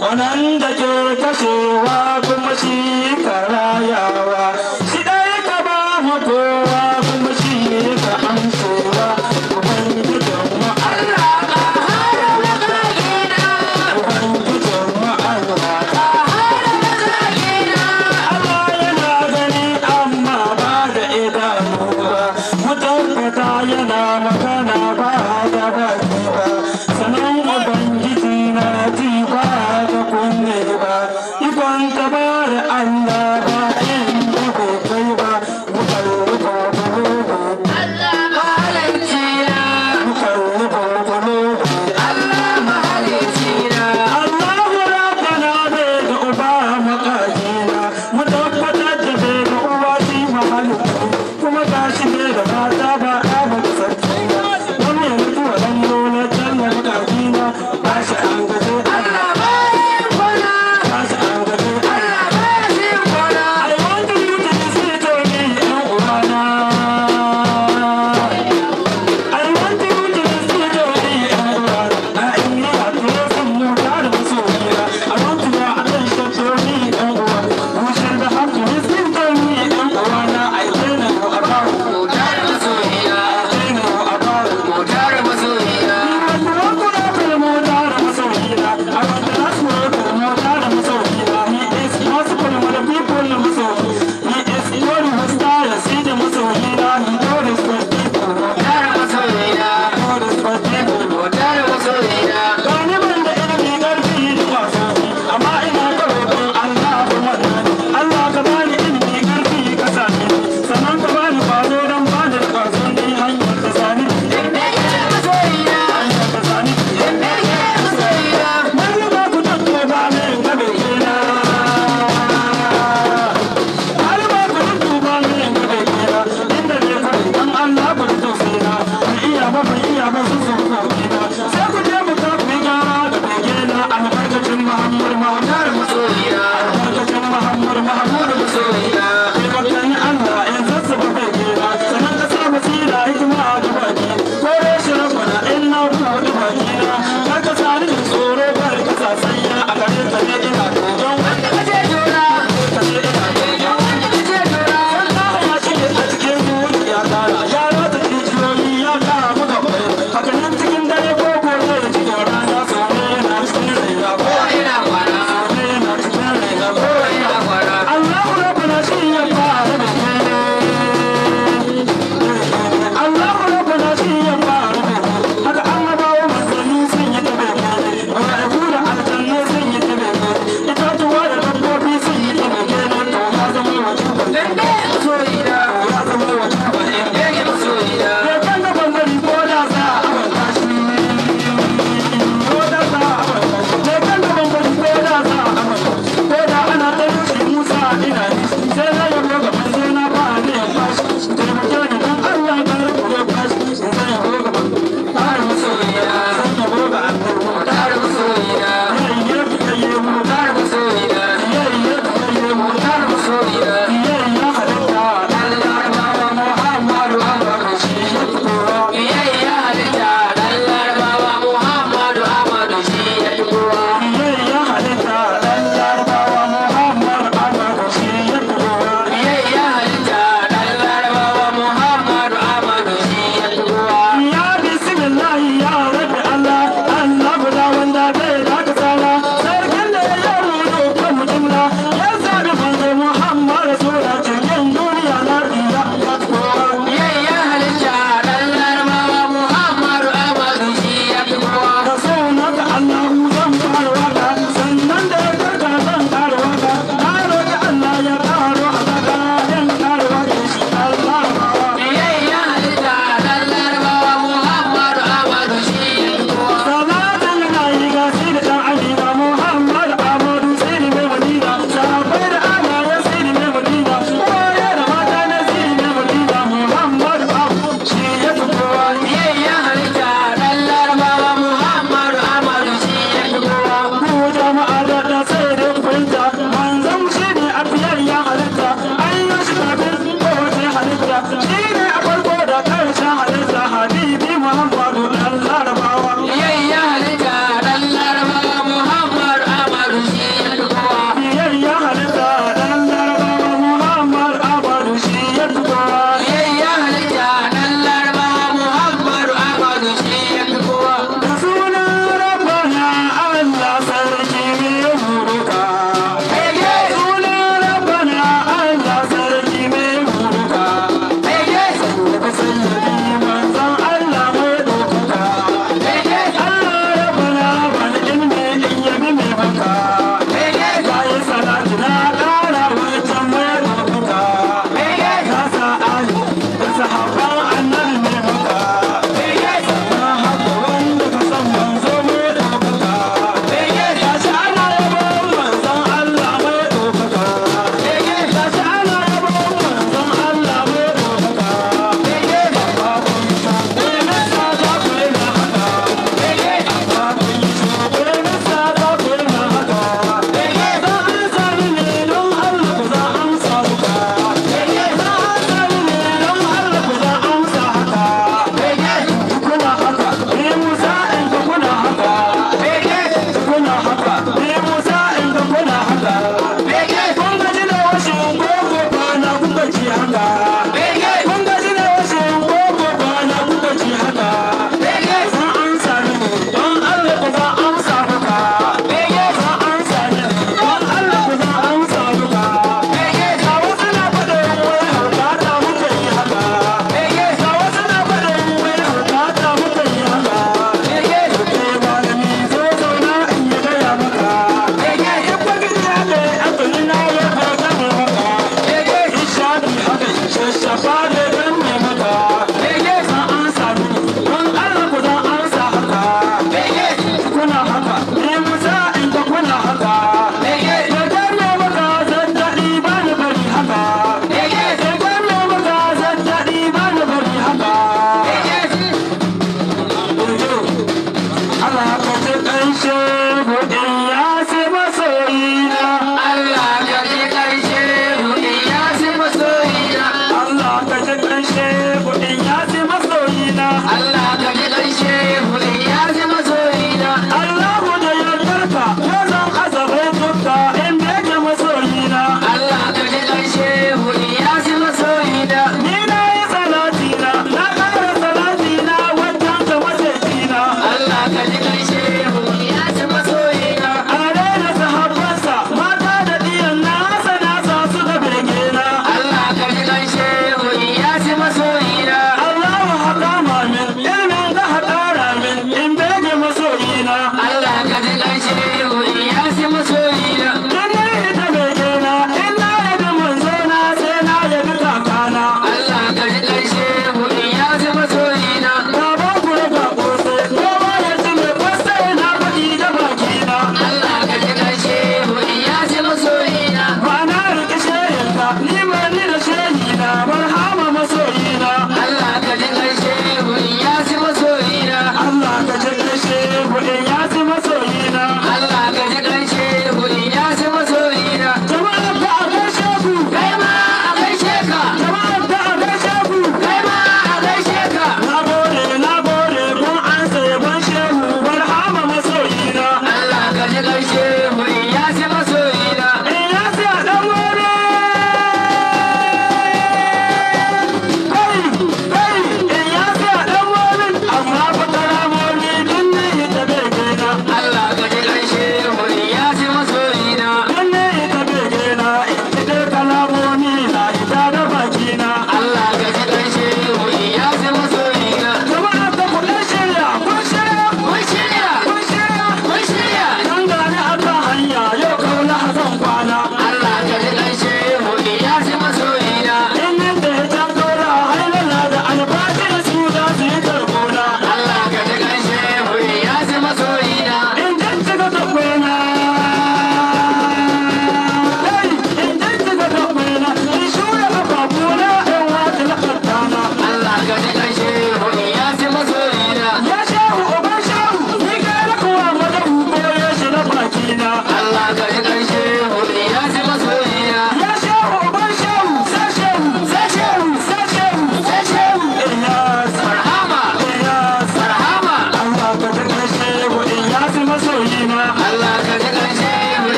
wannan da ke kashewa kuma shi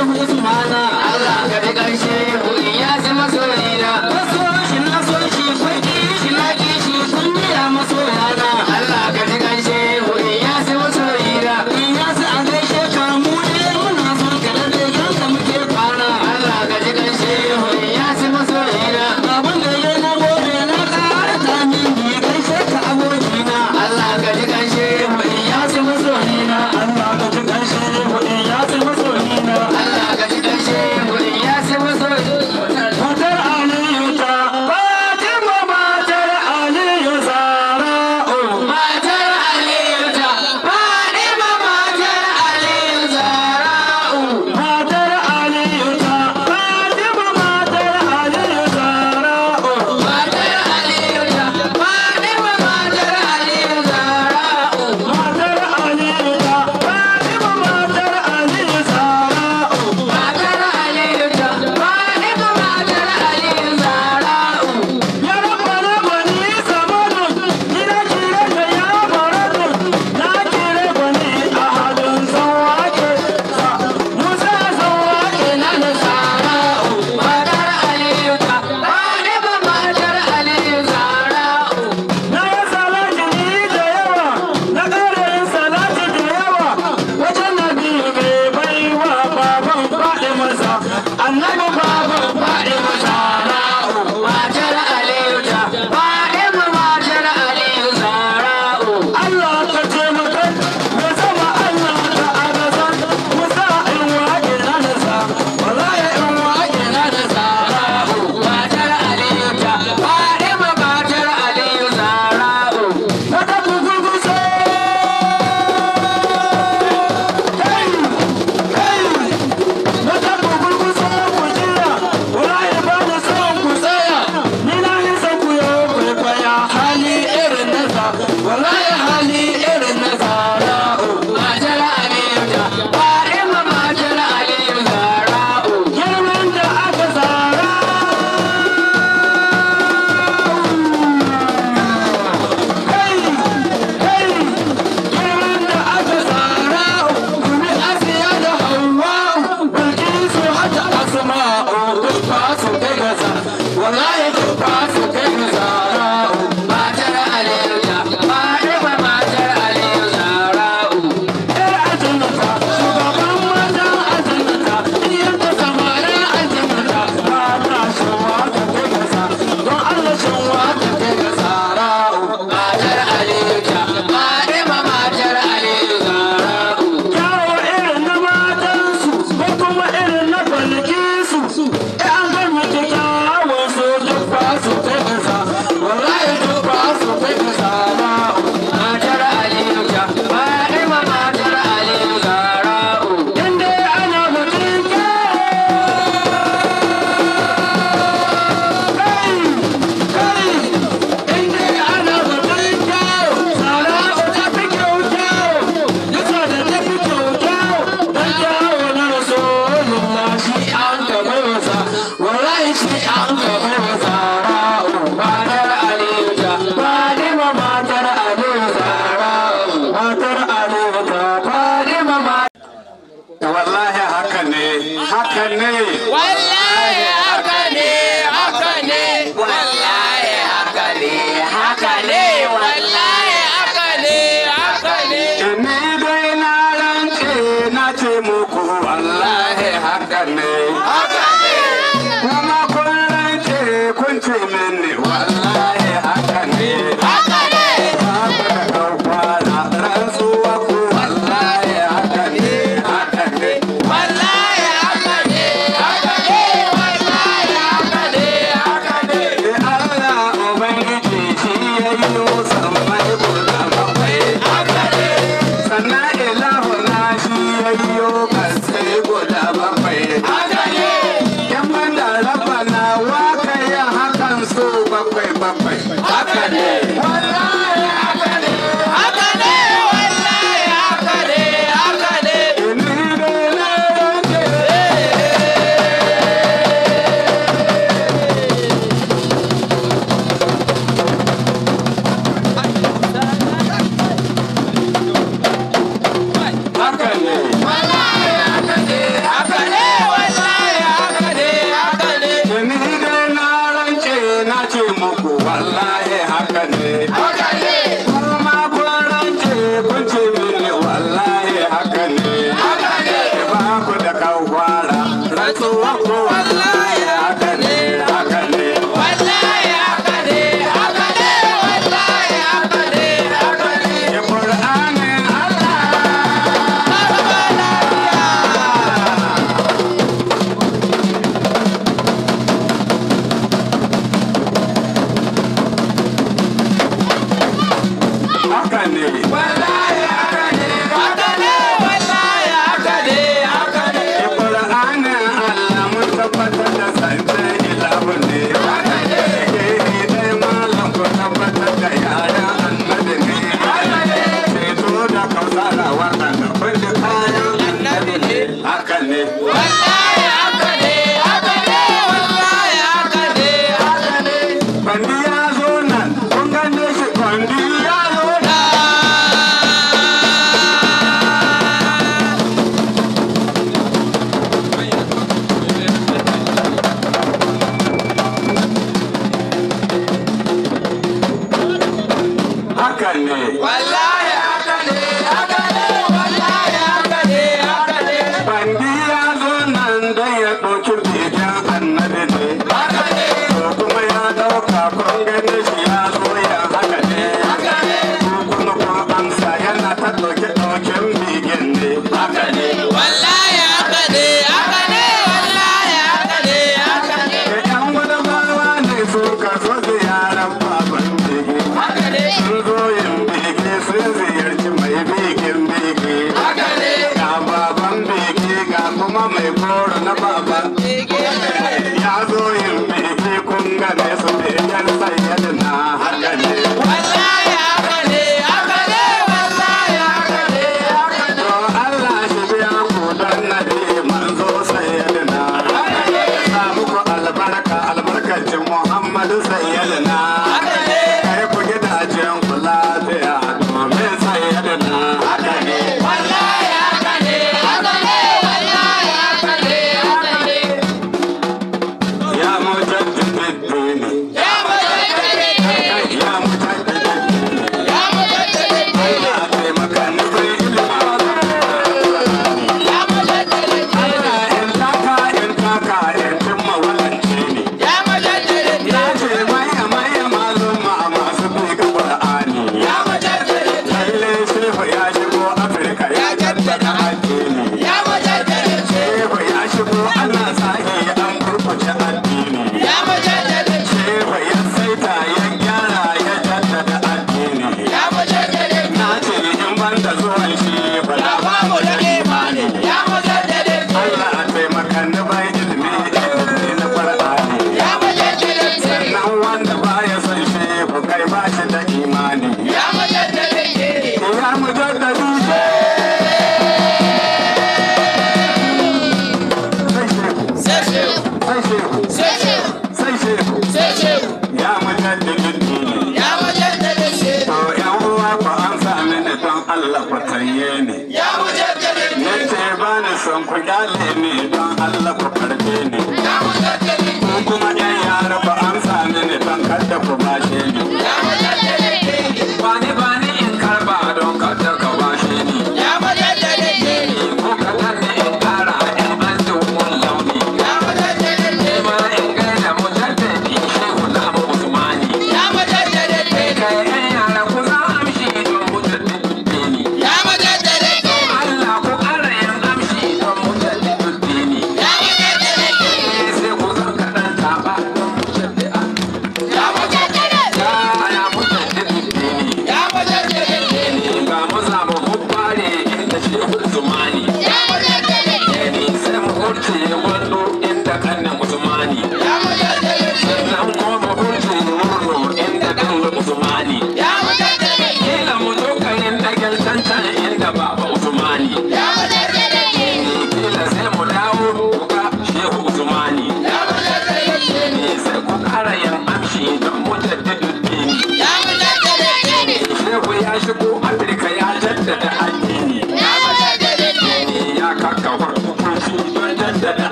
shehu su mana Allah ka ji mama, Now